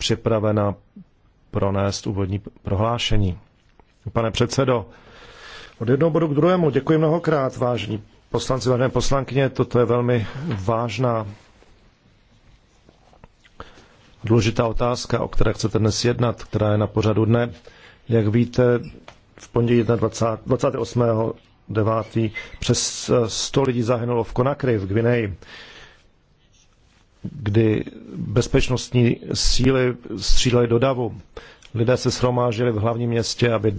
připravena pronést úvodní prohlášení. Pane předsedo, od jednoho bodu k druhému děkuji mnohokrát, vážení poslanci, vážené poslankyně, toto je velmi vážná důležitá otázka, o které chcete dnes jednat, která je na pořadu dne. Jak víte, v pondělí 28.9. přes 100 lidí zahynulo v Konakry v Gvineji kdy bezpečnostní síly střílely do davu. Lidé se shromážili v hlavním městě, aby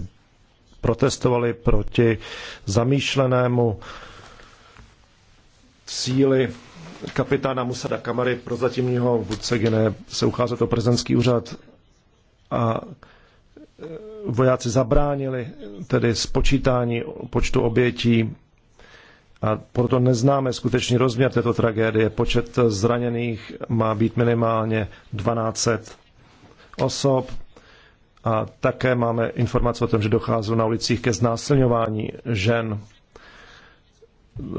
protestovali proti zamýšlenému síly kapitána Musada Kamary, prozatímního vůdce Gine, se ucházet o prezidentský úřad a e, vojáci zabránili tedy spočítání počtu obětí a proto neznáme skutečný rozměr této tragédie. Počet zraněných má být minimálně 12 osob. A také máme informace o tom, že dochází na ulicích ke znásilňování žen.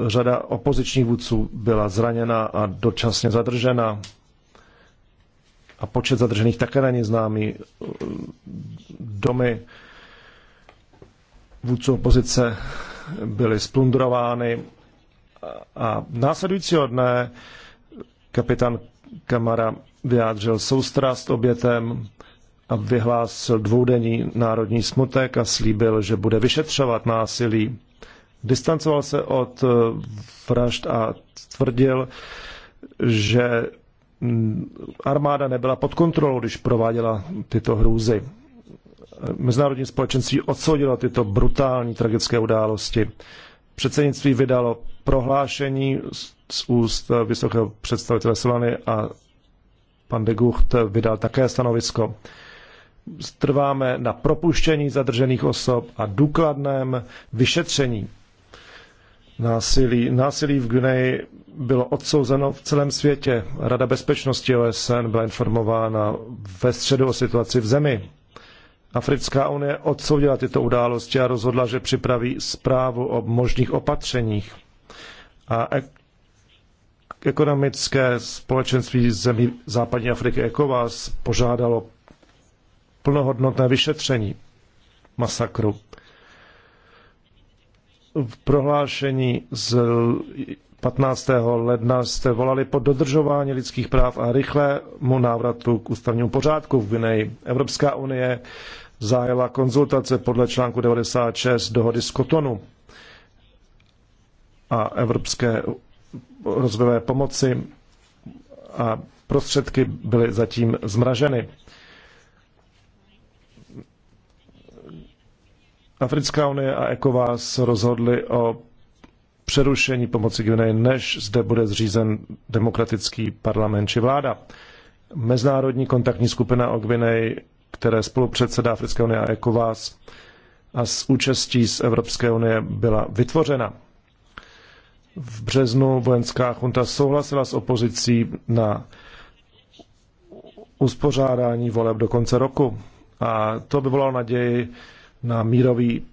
Řada opozičních vůdců byla zraněna a dočasně zadržena. A počet zadržených také není známý. Domy vůdců opozice byly splundrovány a následujícího dne kapitán Kamara vyjádřil soustrast obětem a vyhlásil dvoudenní národní smutek a slíbil, že bude vyšetřovat násilí. Distancoval se od eh, vražd a tvrdil, že mm, armáda nebyla pod kontrolou, když prováděla tyto hrůzy mezinárodní společenství odsoudilo tyto brutální tragické události. Předsednictví vydalo prohlášení z úst vysokého představitele Solany a pan de Gucht vydal také stanovisko. Trváme na propuštění zadržených osob a důkladném vyšetření násilí. Násilí v Guineji bylo odsouzeno v celém světě. Rada bezpečnosti OSN byla informována ve středu o situaci v zemi. Africká unie odsoudila tyto události a rozhodla, že připraví zprávu o možných opatřeních a ekonomické společenství zemí západní Afriky ECOWAS požádalo plnohodnotné vyšetření masakru. V prohlášení z 15. ledna jste volali po dodržování lidských práv a rychlému návratu k ústavnímu pořádku v Guineji. Evropská unie zájela konzultace podle článku 96 dohody z Kotonu a evropské rozvojové pomoci a prostředky byly zatím zmraženy. Africká unie a ECOWAS rozhodly o přerušení pomoci Guinea, než zde bude zřízen demokratický parlament či vláda. Mezinárodní kontaktní skupina o Guinea které spolupředsedá Africké unie a ECOWAS a s účastí z Evropské unie byla vytvořena. V březnu vojenská junta souhlasila s opozicí na uspořádání voleb do konce roku. A to by volalo naději na mírový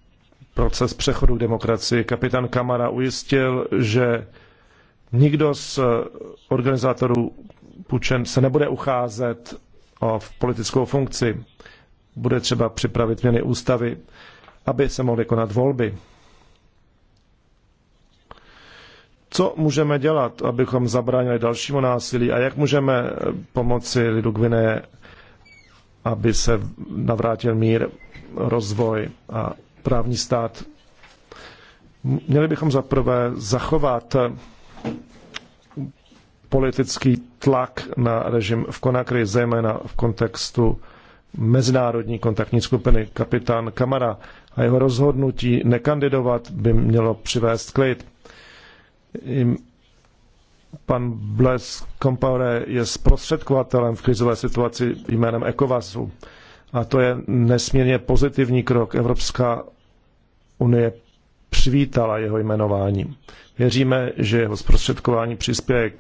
proces přechodu k demokracii. Kapitán Kamara ujistil, že nikdo z organizátorů pučen se nebude ucházet o politickou funkci bude třeba připravit měny ústavy, aby se mohly konat volby. Co můžeme dělat, abychom zabránili dalšímu násilí a jak můžeme eh, pomoci lidu Gvine, aby se navrátil mír, rozvoj a právní stát? Měli bychom zaprvé zachovat eh, politický tlak na režim v Konakry, zejména v kontextu mezinárodní kontaktní skupiny kapitán Kamara a jeho rozhodnutí nekandidovat by mělo přivést klid. Pan Bles Compaore je zprostředkovatelem v krizové situaci jménem ECOWASu a to je nesmírně pozitivní krok. Evropská unie přivítala jeho jmenování. Věříme, že jeho zprostředkování přispěje k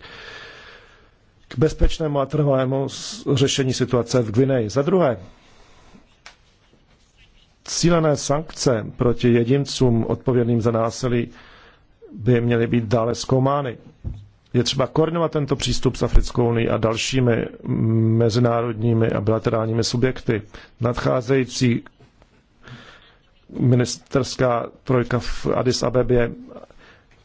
k bezpečnému a trvalému řešení situace v Gvineji. Za druhé, cílené sankce proti jedincům odpovědným za násilí by měly být dále zkoumány. Je třeba koordinovat tento přístup s Africkou unii a dalšími mezinárodními a bilaterálními subjekty. Nadcházející ministerská trojka v Addis Abebě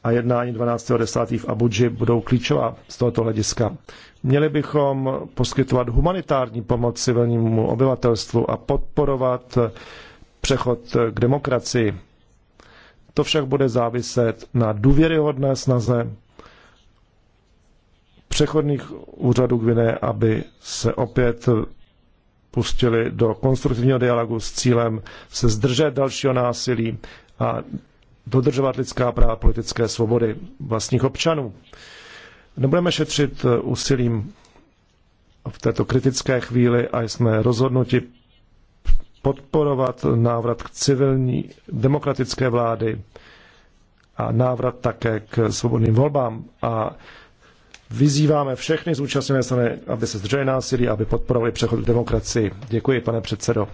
a jednání 12.10. v Abuji budou klíčová z tohoto hlediska. Měli bychom poskytovat humanitární pomoc civilnímu obyvatelstvu a podporovat přechod k demokracii. To však bude záviset na důvěryhodné snaze přechodných úřadů Gvine, aby se opět pustili do konstruktivního dialogu s cílem se zdržet dalšího násilí a dodržovat lidská práva, politické svobody vlastních občanů. Nebudeme šetřit eh, úsilím v této kritické chvíli a jsme rozhodnuti podporovat návrat k civilní demokratické vlády a návrat také k svobodným volbám. A vyzýváme všechny zúčastněné strany, aby se zdrželi násilí, aby podporovali přechod k demokracii. Děkuji, pane předsedo.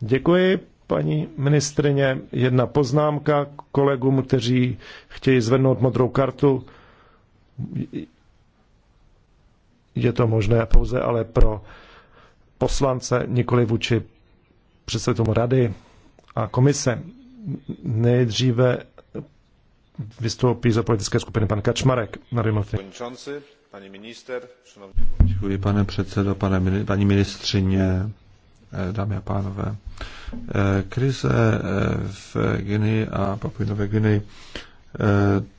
Děkuji. Paní ministrině, jedna poznámka kolegům, kteří chtějí zvednout modrou kartu. Je to možné pouze ale pro poslance, nikoli vůči předsedům rady a komise. Nejdříve vystoupí za politické skupiny pan Kačmarek na dvě Děkuji, pane předsedo, pane, paní ministřině. Eh, dámy a pánové. Eh, krize eh, v Gini a Papuinové Gini.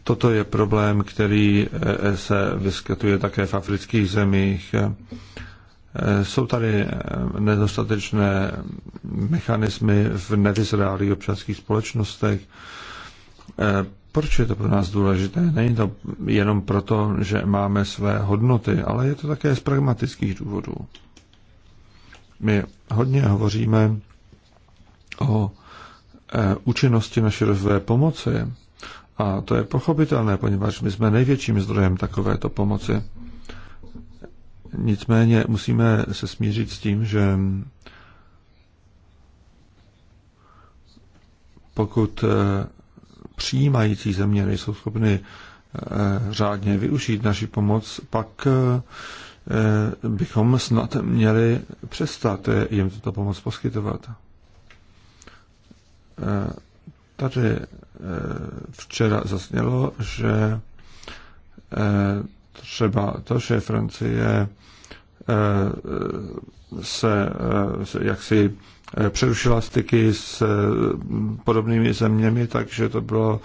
Toto je problém, který se vyskytuje také v afrických zemích. Jsou tady nedostatečné mechanismy v nevyzrálých občanských společnostech. Proč je to pro nás důležité? Není to jenom proto, že máme své hodnoty, ale je to také z pragmatických důvodů. My hodně hovoříme o e, účinnosti naší rozvoje pomoci. A to je pochopitelné, poněvadž my jsme největším zdrojem takovéto pomoci. Nicméně musíme se smířit s tím, že pokud e, přijímající země nejsou schopny e, řádně využít naši pomoc, pak Eh, bychom snad měli přestat eh, jim tuto pomoc poskytovat. Eh, tady včera zasnělo, že třeba to, že Francie se, se jaksi Eh, přerušila styky s eh, podobnými zeměmi, takže to bylo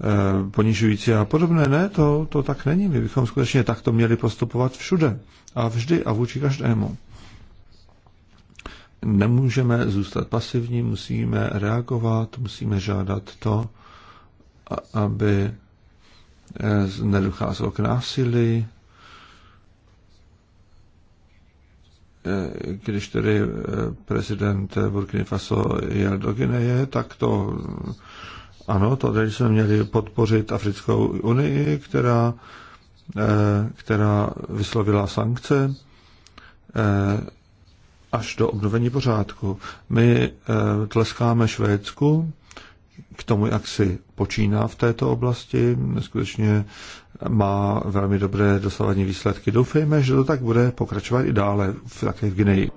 eh, ponižující a podobné. Ne, to, to tak není. My bychom skutečně takto měli postupovat všude a vždy a vůči každému. Nemůžeme zůstat pasivní, musíme reagovat, musíme žádat to, aby nedocházelo k násilí, Eh, když tedy eh, prezident Burkina Faso jel do Gineje, tak to ano, tady jsme měli podpořit Africkou unii, která, eh, která vyslovila sankce až do obnovení pořádku. My tleskáme Švédsku, k tomu, jak si počíná v této oblasti. Skutečně má velmi dobré dosavadní výsledky. Doufejme, že to tak bude pokračovat i dále, v, také v Gineji.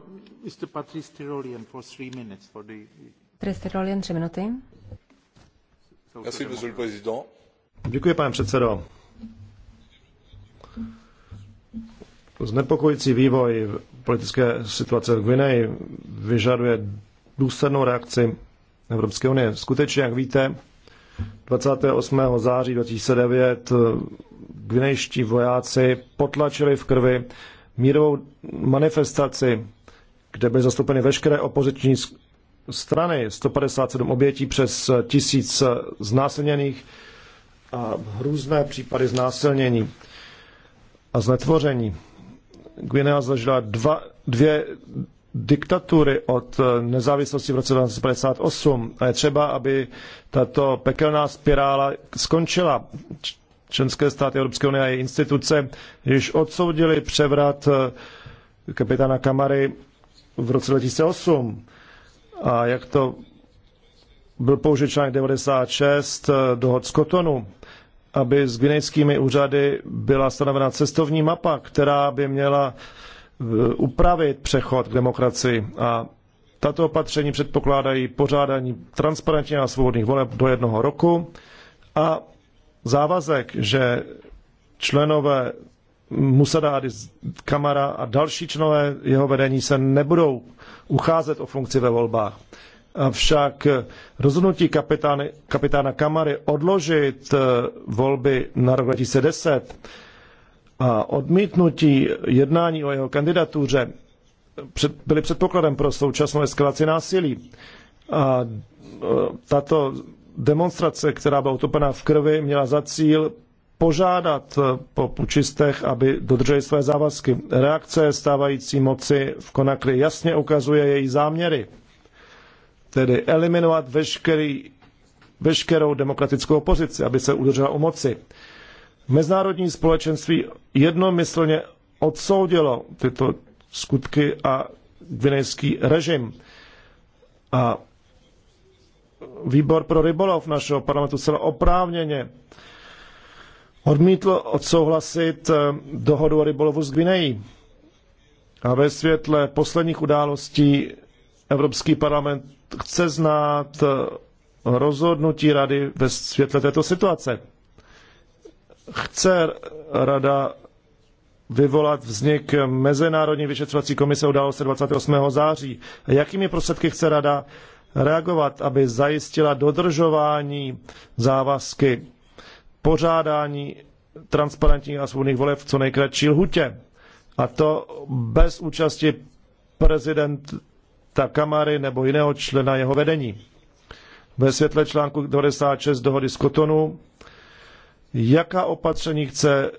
tři minuty. Děkuji, pane předsedo. Znepokojící vývoj politické situace v Gvineji vyžaduje důslednou reakci Evropské unie. Skutečně, jak víte, 28. září 2009 eh, gvinejští vojáci potlačili v krvi mírovou manifestaci, kde byly zastoupeny veškeré opoziční strany, 157 obětí přes eh, tisíc eh, znásilněných a hrůzné případy znásilnění a znetvoření. Gvinea zažila dva, dvě diktatury od eh, nezávislosti v roce 1958. A je třeba, aby tato pekelná spirála skončila. Členské státy Evropské unie a její instituce již odsoudili převrat eh, kapitána Kamary v roce 2008. A jak to byl použit článek 96 eh, dohod z Kotonu, aby s gvinejskými úřady byla stanovena cestovní mapa, která by měla upravit přechod k demokracii a tato opatření předpokládají pořádání transparentně a svobodných voleb do jednoho roku a závazek, že členové Musada Adis Kamara a další členové jeho vedení se nebudou ucházet o funkci ve volbách. Avšak rozhodnutí kapitány, kapitána Kamary odložit eh, volby na rok 2010 a odmítnutí jednání o jeho kandidatuře byly předpokladem pro současnou eskalaci násilí. A e, tato demonstrace, která byla utopená v krvi, měla za cíl požádat e, po pučistech, aby dodrželi své závazky. Reakce stávající moci v Konakry jasně ukazuje její záměry, tedy eliminovat veškerý, veškerou demokratickou opozici, aby se udržela u moci. Mezinárodní společenství jednomyslně odsoudilo tyto skutky a gvinejský režim. A výbor pro rybolov našeho parlamentu celé oprávněně odmítl odsouhlasit eh, dohodu o rybolovu s Gvinejí. A ve světle posledních událostí Evropský parlament chce znát eh, rozhodnutí rady ve světle této situace. Chce rada vyvolat vznik Mezinárodní vyšetřovací komise událo se 28. září. Jakými prostředky chce rada reagovat, aby zajistila dodržování závazky pořádání transparentních a svobodných voleb v co nejkratší lhutě. A to bez účasti prezidenta Kamary nebo jiného člena jeho vedení. Ve světle článku 96 dohody z Kotonu jaká opatření chce,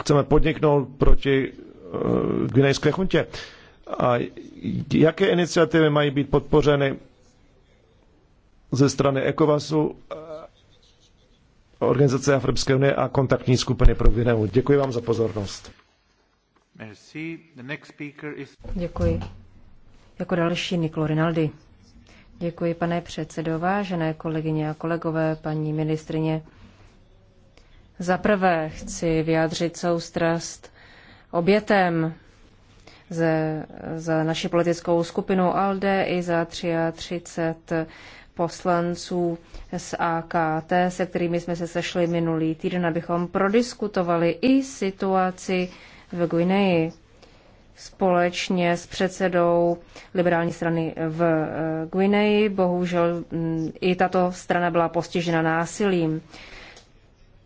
chceme podniknout proti uh, eh, Gnejské chuntě a jaké iniciativy mají být podpořeny ze strany ECOWASu, eh, Organizace Africké unie a kontaktní skupiny pro Gvineu. Děkuji vám za pozornost. Děkuji. Jako další Niklo Rinaldi. Děkuji, pane předsedo, vážené kolegyně a kolegové, paní ministrině. Za prvé chci vyjádřit soustrast obětem ze, za naši politickou skupinu ALDE i za 33 poslanců z AKT, se kterými jsme se sešli minulý týden, abychom prodiskutovali i situaci v Guineji společně s předsedou liberální strany v eh, Guineji. Bohužel mm, i tato strana byla postižena násilím.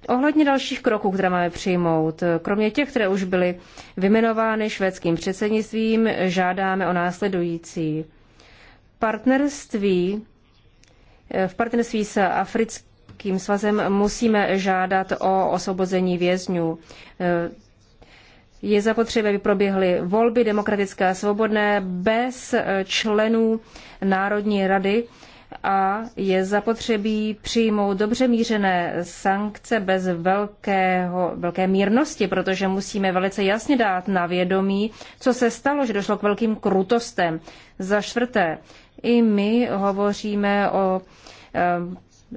Ohledně dalších kroků, které máme přijmout, kromě těch, které už byly vymenovány švédským předsednictvím, žádáme o následující. Partnerství, eh, v partnerství s africkým svazem musíme žádat o osvobození vězňů. Eh, je zapotřebí, aby proběhly volby demokratické a svobodné bez eh, členů Národní rady a je zapotřebí přijmout dobře mířené sankce bez velkého, velké mírnosti, protože musíme velice jasně dát na vědomí, co se stalo, že došlo k velkým krutostem. Za čtvrté, i my hovoříme o eh,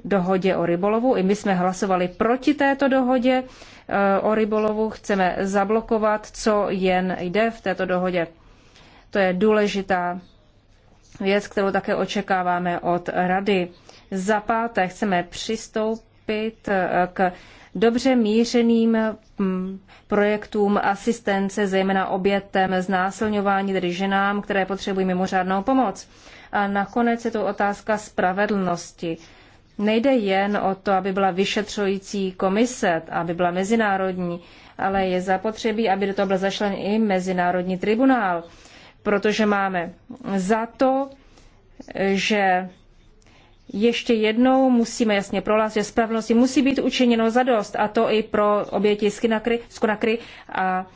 dohodě o rybolovu. I my jsme hlasovali proti této dohodě eh, o rybolovu. Chceme zablokovat, co jen jde v této dohodě. To je důležitá věc, kterou také očekáváme od Rady. Za páté chceme přistoupit eh, k dobře mířeným mm, projektům asistence, zejména obětem znásilňování, tedy ženám, které potřebují mimořádnou pomoc. A nakonec je to otázka spravedlnosti. Nejde jen o to, aby byla vyšetřující komise, aby byla mezinárodní, ale je zapotřebí, aby do toho byl zašlen i mezinárodní tribunál, protože máme za to, že ještě jednou musíme jasně prohlásit, že spravedlnosti musí být učiněno zadost, a to i pro oběti z a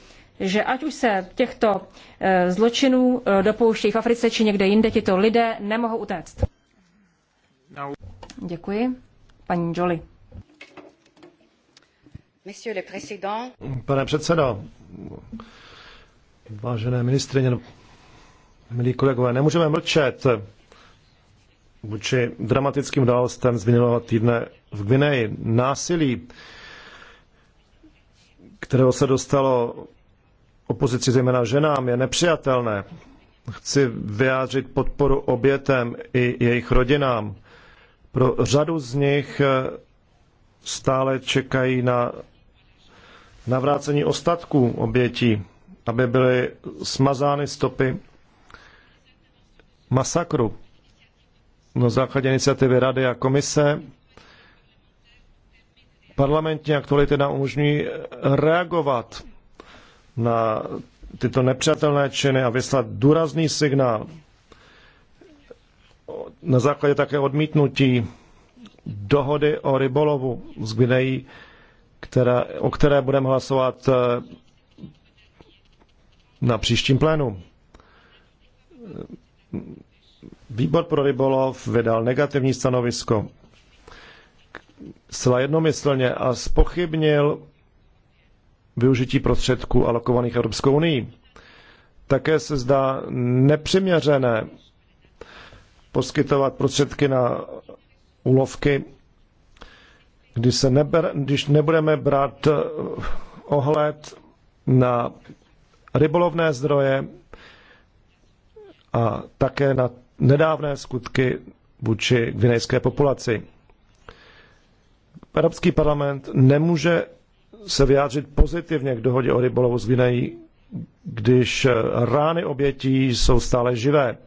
že ať už se těchto eh, zločinů eh, dopouštějí v Africe či někde jinde, tito lidé nemohou utéct. Děkuji. Paní Jolie. Pane předsedo, vážené ministrině, milí kolegové, nemůžeme mlčet vůči dramatickým událostem z minulého týdne v Gvineji. Násilí, kterého se dostalo opozici, zejména ženám, je nepřijatelné. Chci vyjádřit podporu obětem i jejich rodinám. Pro řadu z nich eh, stále čekají na navrácení ostatků obětí, aby byly smazány stopy masakru. Na základě iniciativy Rady a komise parlamentní aktuality nám umožňují reagovat na tyto nepřátelné činy a vyslat důrazný signál na základě také odmítnutí dohody o rybolovu z Gvinejí, o které budeme hlasovat eh, na příštím plénu. Výbor pro rybolov vydal negativní stanovisko zcela jednomyslně a spochybnil využití prostředků alokovaných Evropskou unii. Také se zdá nepřiměřené poskytovat prostředky na úlovky, když, se neber, když nebudeme brát eh, ohled na rybolovné zdroje a také na nedávné skutky vůči gvinejské populaci. Evropský parlament nemůže se vyjádřit pozitivně k dohodě o rybolovu s Gvinejí, když eh, rány obětí jsou stále živé.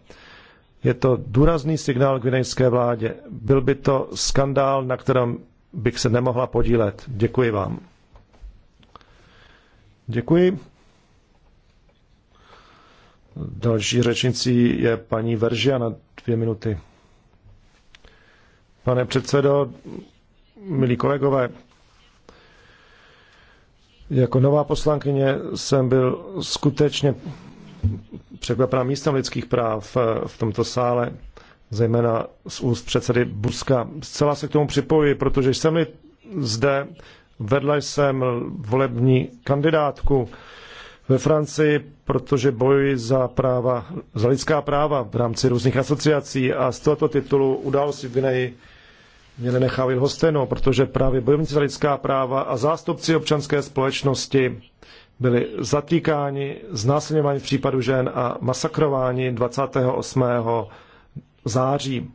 Je to důrazný signál gvinejské vládě. Byl by to skandál, na kterém bych se nemohla podílet. Děkuji vám. Děkuji. Další řečnicí je paní Veržia na dvě minuty. Pane předsedo, milí kolegové, jako nová poslankyně jsem byl skutečně překvapená místa lidských práv eh, v tomto sále, zejména z úst předsedy Buska. Zcela se k tomu připojuji, protože jsem zde, vedle jsem volební kandidátku ve Francii, protože bojuji za, práva, za lidská práva v rámci různých asociací a z tohoto titulu události v Gineji mě nenechali hostenou, protože právě bojovníci za lidská práva a zástupci občanské společnosti byli zatýkáni, znásilňováni v případu žen a masakrováni 28. září.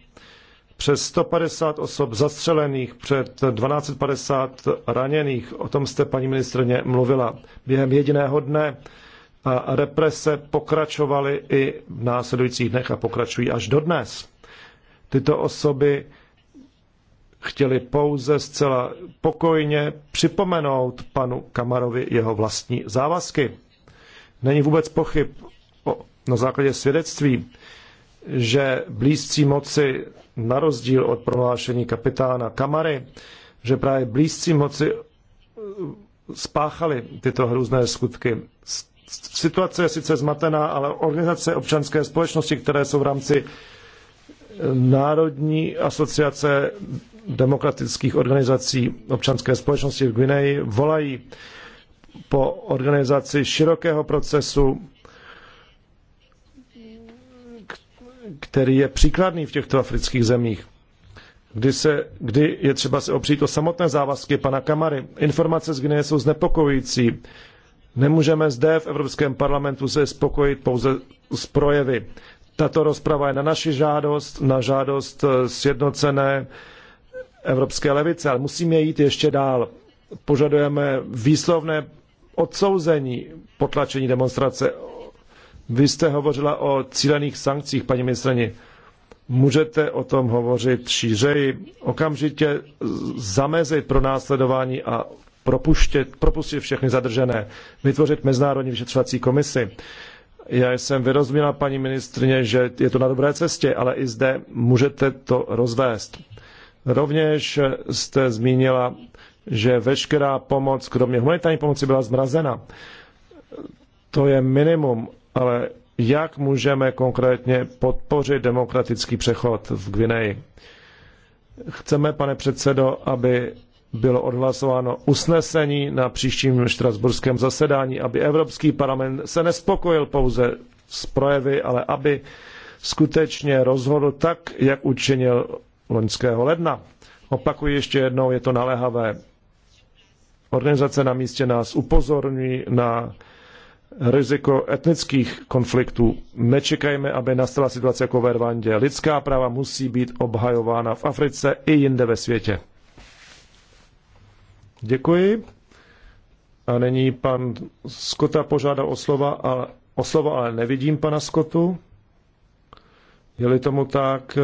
Přes 150 osob zastřelených, před 1250 raněných, o tom jste, paní ministrně, mluvila během jediného dne. A represe pokračovaly i v následujících dnech a pokračují až dodnes. Tyto osoby chtěli pouze zcela pokojně připomenout panu Kamarovi jeho vlastní závazky. Není vůbec pochyb o, na základě svědectví, že blízcí moci, na rozdíl od prohlášení kapitána Kamary, že právě blízcí moci uh, spáchali tyto hrůzné skutky. Situace je sice zmatená, ale organizace občanské společnosti, které jsou v rámci eh, Národní asociace demokratických organizací občanské společnosti v Gvineji volají po organizaci širokého procesu, který je příkladný v těchto afrických zemích, kdy, se, kdy je třeba se opřít o samotné závazky pana Kamary. Informace z Gvineje jsou znepokojující. Nemůžeme zde v Evropském parlamentu se spokojit pouze s projevy. Tato rozprava je na naši žádost, na žádost sjednocené uh, evropské levice, ale musíme jít ještě dál. Požadujeme výslovné odsouzení potlačení demonstrace. Vy jste hovořila o cílených sankcích, paní ministrani. Můžete o tom hovořit šířeji, okamžitě zamezit pro následování a propuštět, propustit všechny zadržené, vytvořit mezinárodní vyšetřovací komisi. Já jsem vyrozuměla, paní ministrině, že je to na dobré cestě, ale i zde můžete to rozvést. Rovněž jste zmínila, že veškerá pomoc, kromě humanitární pomoci, byla zmrazena. To je minimum, ale jak můžeme konkrétně podpořit demokratický přechod v Gvineji? Chceme, pane předsedo, aby bylo odhlasováno usnesení na příštím štrasburském zasedání, aby Evropský parlament se nespokojil pouze s projevy, ale aby skutečně rozhodl tak, jak učinil loňského ledna. Opakuji ještě jednou, je to naléhavé. Organizace na místě nás upozorní na riziko etnických konfliktů. Nečekajme, aby nastala situace jako ve Rwandě. Lidská práva musí být obhajována v Africe i jinde ve světě. Děkuji. A není pan Skota požádal o slova, ale, o slovo, ale nevidím pana Skotu. Je-li tomu tak,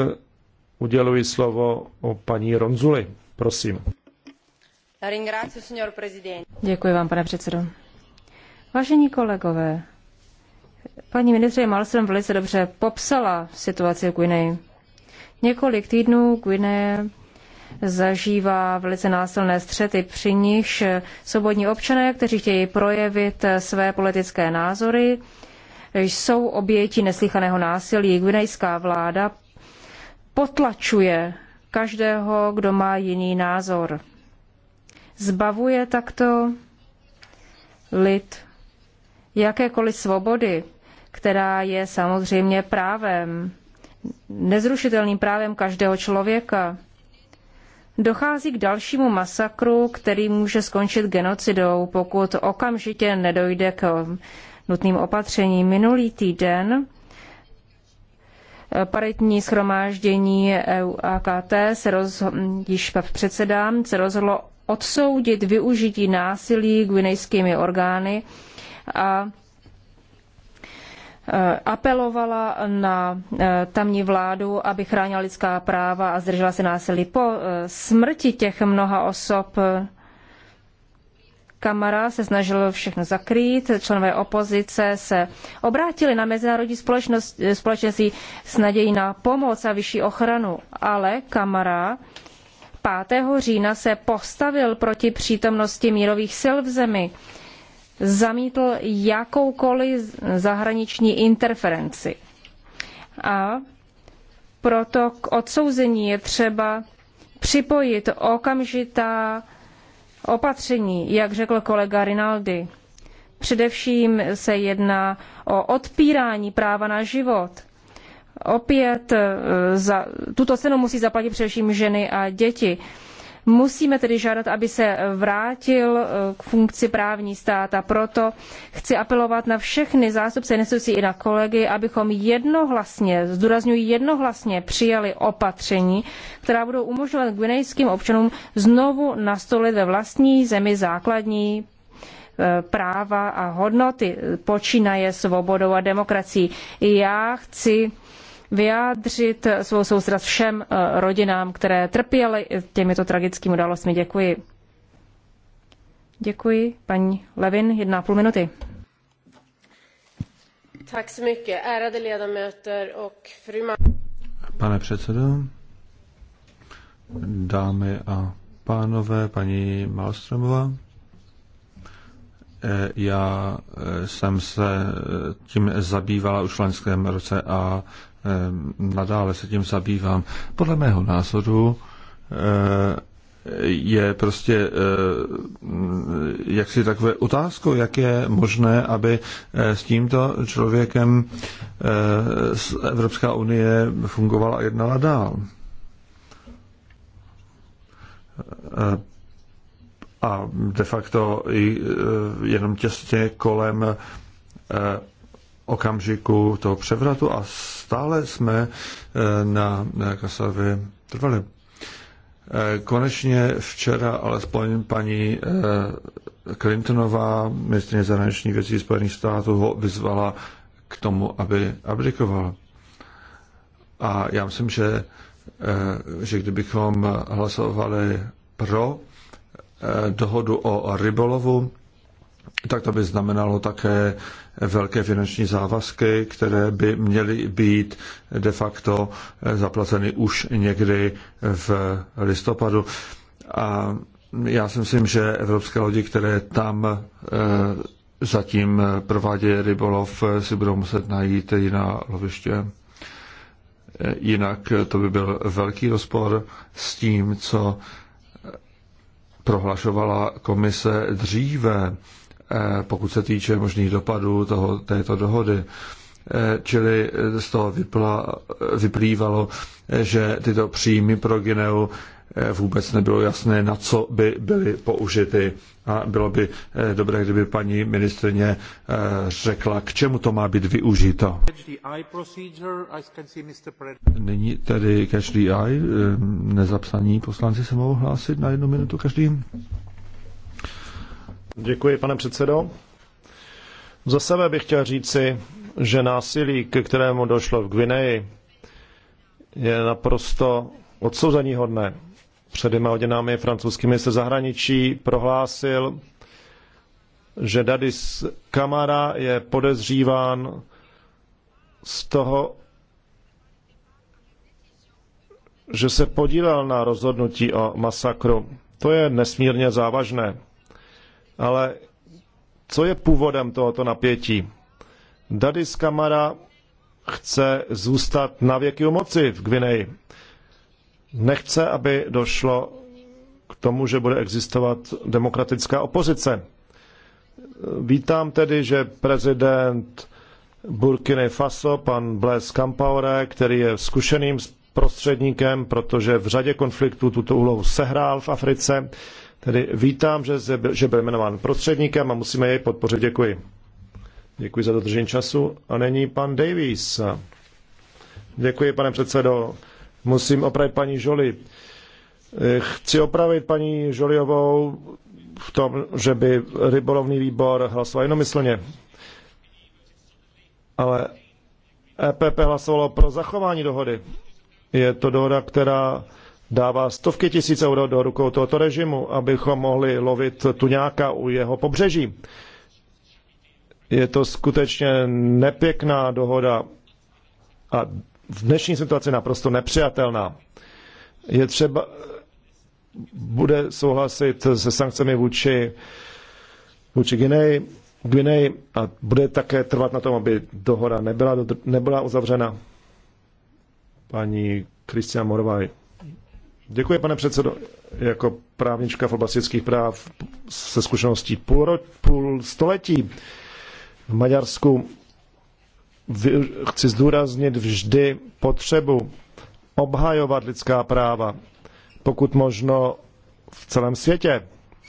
uděluji slovo o paní Ronzuli. Prosím. Děkuji vám, pane předsedo. Vážení kolegové, paní ministře Malström velice dobře popsala situaci v Guineji. Několik týdnů Guineje zažívá velice násilné střety, při nichž svobodní občané, kteří chtějí projevit své politické názory, jsou oběti neslychaného násilí. Guinejská vláda potlačuje každého, kdo má jiný názor. Zbavuje takto lid jakékoliv svobody, která je samozřejmě právem, nezrušitelným právem každého člověka. Dochází k dalšímu masakru, který může skončit genocidou, pokud okamžitě nedojde k nutným opatřením. Minulý týden paritní schromáždění EU AKT se rozhodlo, již předsedám, se rozhodlo odsoudit využití násilí guinejskými orgány a eh, apelovala na eh, tamní vládu, aby chránila lidská práva a zdržela se násilí. Po eh, smrti těch mnoha osob Kamara se snažil všechno zakrýt, členové opozice se obrátili na mezinárodní společenství s nadějí na pomoc a vyšší ochranu, ale Kamara 5. října se postavil proti přítomnosti mírových sil v zemi, zamítl jakoukoliv zahraniční interferenci. A proto k odsouzení je třeba připojit okamžitá opatření, jak řekl kolega Rinaldi. Především se jedná o odpírání práva na život. Opět eh, za tuto cenu musí zaplatit především ženy a děti. Musíme tedy žádat, aby se vrátil eh, k funkci právní stát a proto chci apelovat na všechny zástupce institucí i na kolegy, abychom jednohlasně, zdůrazňuji jednohlasně, přijali opatření, která budou umožňovat guinejským občanům znovu nastolit ve vlastní zemi základní eh, práva a hodnoty, počínaje svobodou a demokracií. Já chci vyjádřit svou soustrast všem eh, rodinám, které trpěly těmito tragickými událostmi. Děkuji. Děkuji. Paní Levin, jedna půl minuty. Tak så mycket, ärade ledamöter a fru Pane předsedo, dámy a pánové, paní Malstromová, eh, já eh, jsem se tím zabývala už v loňském roce a Ehm, nadále se tím zabývám. Podle mého názoru ehm, je prostě ehm, jaksi takové otázkou, jak je možné, aby eh, s tímto člověkem eh, Evropská unie fungovala a jednala dál. A de facto i eh, jenom těsně kolem okamžiku toho převratu a stále jsme eh, na Kasavě trvali. Eh, konečně včera alespoň paní eh, Clintonová, ministrině zahraničních věcí Spojených států, ho vyzvala k tomu, aby abdikoval. A já myslím, že, že kdybychom hlasovali pro dohodu o rybolovu, tak to by znamenalo také velké finanční závazky, které by měly být de facto eh, zaplaceny už někdy v listopadu. A já si myslím, že evropské lodi, které tam eh, zatím provádějí rybolov, eh, si budou muset najít jiná loviště. Jinak to by byl velký rozpor s tím, co prohlašovala komise dříve Eh, pokud se týče možných dopadů toho, této dohody. Eh, čili z toho vypla, vyplývalo, že tyto příjmy pro Gineu eh, vůbec nebylo jasné, na co by byly použity. A bylo by dobré, kdyby paní ministrině řekla, k čemu to má být využito. Nyní tedy každý eye, nezapsaní poslanci se mohou hlásit na jednu minutu každý. Děkuji, pane předsedo. Za sebe bych chtěl říci, že násilí, ke kterému došlo v Gvineji, je naprosto odsouzení hodné. Před dvěma hodinami francouzský minister zahraničí prohlásil, že Dadis Kamara je podezříván z toho, že se podílel na rozhodnutí o masakru. To je nesmírně závažné. Ale co je původem tohoto napětí? Dadis Kamara chce zůstat na věky u moci v Gvineji. Nechce, aby došlo k tomu, že bude existovat demokratická opozice. Vítám tedy, že prezident Burkiny Faso, pan Blaise Campaore, který je zkušeným prostředníkem, protože v řadě konfliktů tuto úlohu sehrál v Africe, Tedy vítám, že, se, že byl jmenován prostředníkem a musíme jej podpořit. Děkuji. Děkuji za dodržení času. A není pan Davies. Děkuji, pane předsedo. Musím opravit paní Žoli. Chci opravit paní Žoliovou v tom, že by rybolovný výbor hlasoval jednomyslně. Ale EPP hlasovalo pro zachování dohody. Je to dohoda, která dává stovky tisíc euro do rukou tohoto režimu, abychom mohli lovit tuňáka u jeho pobřeží. Je to skutečně nepěkná dohoda a v dnešní situaci naprosto nepřijatelná. Je třeba, bude souhlasit se sankcemi vůči, vůči Gineji, Gvineji a bude také trvat na tom, aby dohoda nebyla, nebyla uzavřena. Paní Kristian Morvaj. Děkuji, pane předsedo. Jako právnička v oblasti lidských práv se zkušeností půl, ro, půl století v Maďarsku chci zdůraznit vždy potřebu obhajovat lidská práva, pokud možno v celém světě.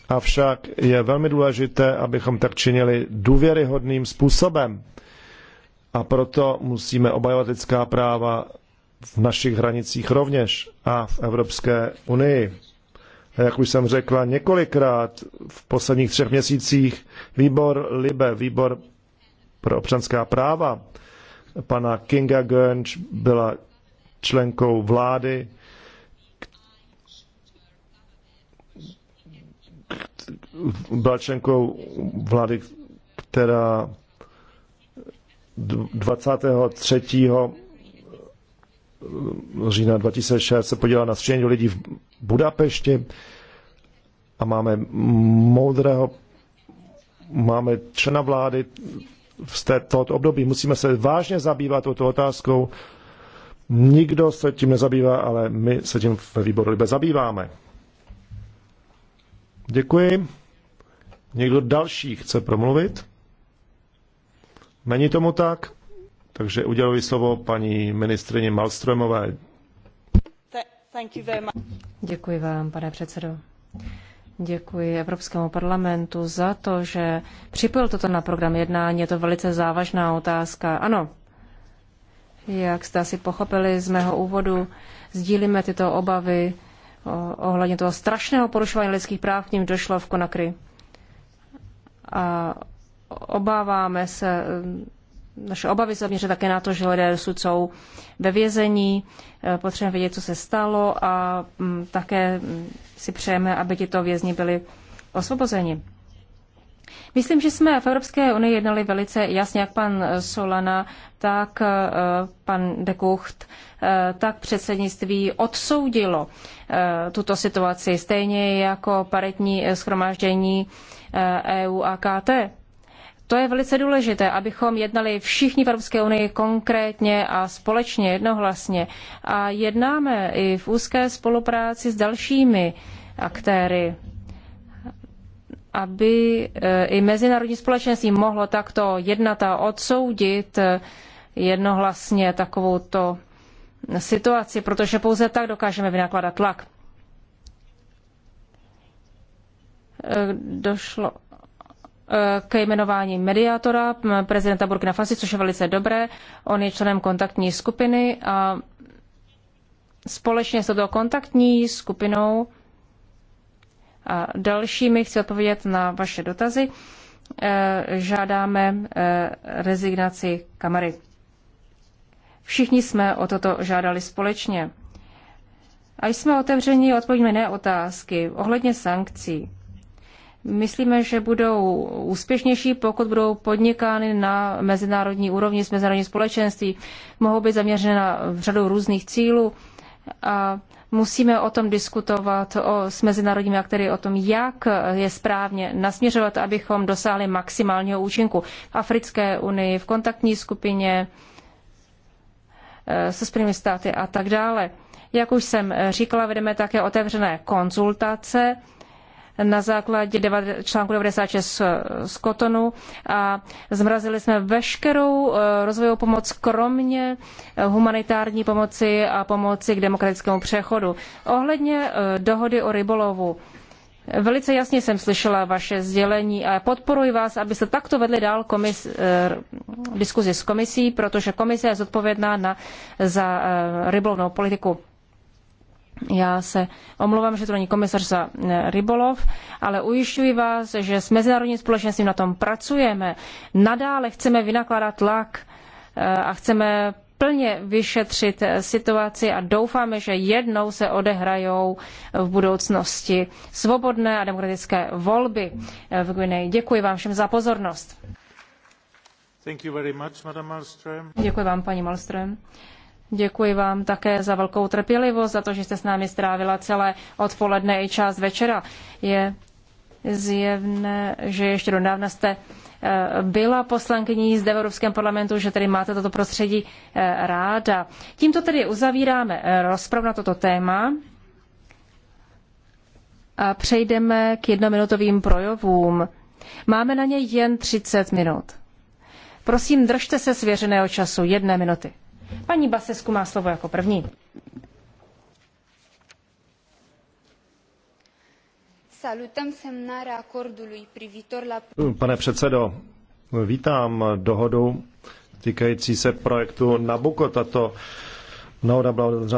Avšak je velmi důležité, abychom tak činili důvěryhodným způsobem. A proto musíme obhajovat lidská práva v našich hranicích rovněž a v Evropské unii. A jak už jsem řekla několikrát v posledních třech měsících, výbor LIBE, výbor pro občanská práva, pana Kinga Gönč byla členkou vlády, byla členkou vlády, která 23 října 2006 se podíval na střední lidí v Budapešti a máme moudrého, máme člena vlády v tohoto období. Musíme se vážně zabývat touto otázkou. Nikdo se tím nezabývá, ale my se tím ve výboru Libe zabýváme. Děkuji. Někdo další chce promluvit? Není tomu tak? Takže uděluji slovo paní ministrině Malstromové. Děkuji vám, pane předsedo. Děkuji Evropskému parlamentu za to, že připojil toto na program jednání. Je to velice závažná otázka. Ano, jak jste asi pochopili z mého úvodu, sdílíme tyto obavy ohledně toho strašného porušování lidských práv, k ním došlo v Konakry. A obáváme se naše obavy se zaměřily také na to, že lidé dosud jsou ve vězení, eh, potřebujeme vědět, co se stalo a mm, také mm, si přejeme, aby tito vězni byli osvobozeni. Myslím, že jsme v Evropské unii jednali velice jasně, jak pan Solana, tak eh, pan de Kucht, eh, tak předsednictví odsoudilo tuto situaci, stejně jako paritní schromáždění EU e a KT. To je velice důležité, abychom jednali všichni v Evropské unii konkrétně a společně, jednohlasně. A jednáme i v úzké spolupráci s dalšími aktéry, aby eh, i mezinárodní společenství mohlo takto jednat a odsoudit eh, jednohlasně takovouto situaci, protože pouze tak dokážeme vynakladat tlak. Eh, došlo ke jmenování mediátora prezidenta Burkina Faso, což je velice dobré. On je členem kontaktní skupiny a společně s touto kontaktní skupinou a dalšími chci odpovědět na vaše dotazy. E, žádáme e, rezignaci kamery. Všichni jsme o toto žádali společně. A jsme otevření odpovíme na otázky ohledně sankcí. Myslíme, že budou úspěšnější, pokud budou podnikány na mezinárodní úrovni s mezinárodní společenství. Mohou být zaměřeny na řadu různých cílů a musíme o tom diskutovat o, s mezinárodními aktéry, o tom, jak je správně nasměřovat, abychom dosáhli maximálního účinku v Africké unii, v kontaktní skupině e, se Spojenými státy a tak dále. Jak už jsem říkala, vedeme také otevřené konzultace na základě článku 96 z Kotonu a zmrazili jsme veškerou eh, rozvojovou pomoc, kromě eh, humanitární pomoci a pomoci k demokratickému přechodu. Ohledně eh, dohody o rybolovu. Velice jasně jsem slyšela vaše sdělení a podporuji vás, abyste takto vedli dál komis, eh, diskuzi s komisí, protože komise je zodpovědná na, za eh, rybolovnou politiku. Já se omlouvám, že to není komisař za eh, rybolov, ale ujišťuji vás, že s mezinárodním společenstvím na tom pracujeme. Nadále chceme vynakládat tlak eh, a chceme plně vyšetřit eh, situaci a doufáme, že jednou se odehrajou v budoucnosti svobodné a demokratické volby v Guineji. Děkuji vám všem za pozornost. Much, Děkuji vám, paní Malmström. Děkuji vám také za velkou trpělivost, za to, že jste s námi strávila celé odpoledne i část večera. Je zjevné, že ještě donávna jste eh, byla poslankyní zde v Evropském parlamentu, že tedy máte toto prostředí eh, ráda. Tímto tedy uzavíráme eh, rozpravu na toto téma a přejdeme k jednominutovým projevům. Máme na ně jen 30 minut. Prosím, držte se svěřeného času jedné minuty. Paní Basesku má slovo jako první. Pane předsedo, vítám dohodu týkající se projektu Nabucco. Tato dohoda byla